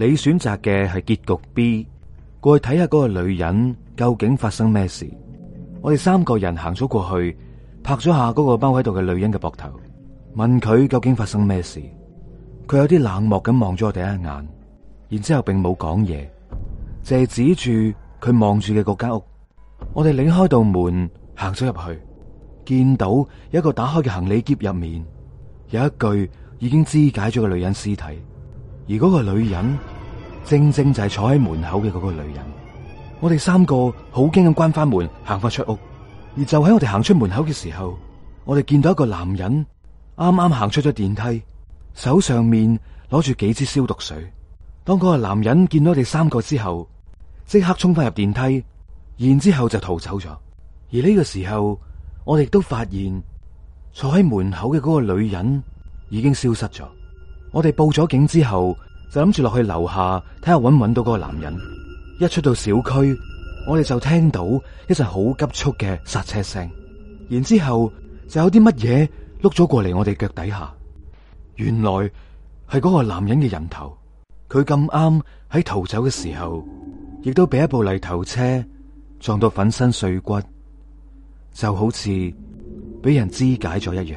你選擇嘅係結局 B，過去睇下嗰個女人究竟發生咩事。我哋三個人行咗過去，拍咗下嗰個踎喺度嘅女人嘅膊頭，問佢究竟發生咩事。佢有啲冷漠咁望咗我第一眼，然之後並冇講嘢，淨係指住佢望住嘅嗰間屋。我哋擰開道門行咗入去，見到一個打開嘅行李篋入面，有一具已經肢解咗嘅女人屍體。而嗰個女人正正就係坐喺門口嘅嗰個女人，我哋三個好驚咁關翻門行翻出屋，而就喺我哋行出門口嘅時候，我哋見到一個男人啱啱行出咗電梯，手上面攞住幾支消毒水。當嗰個男人見到我哋三個之後，即刻衝翻入電梯，然之後就逃走咗。而呢個時候，我哋都發現坐喺門口嘅嗰個女人已經消失咗。我哋報咗警之後，就諗住落去樓下睇下搵唔搵到嗰個男人。一出到小區，我哋就聽到一陣好急促嘅剎車聲，然之後就有啲乜嘢碌咗過嚟我哋腳底下。原來係嗰個男人嘅人頭。佢咁啱喺逃走嘅時候，亦都俾一部泥頭車撞到粉身碎骨，就好似俾人肢解咗一樣。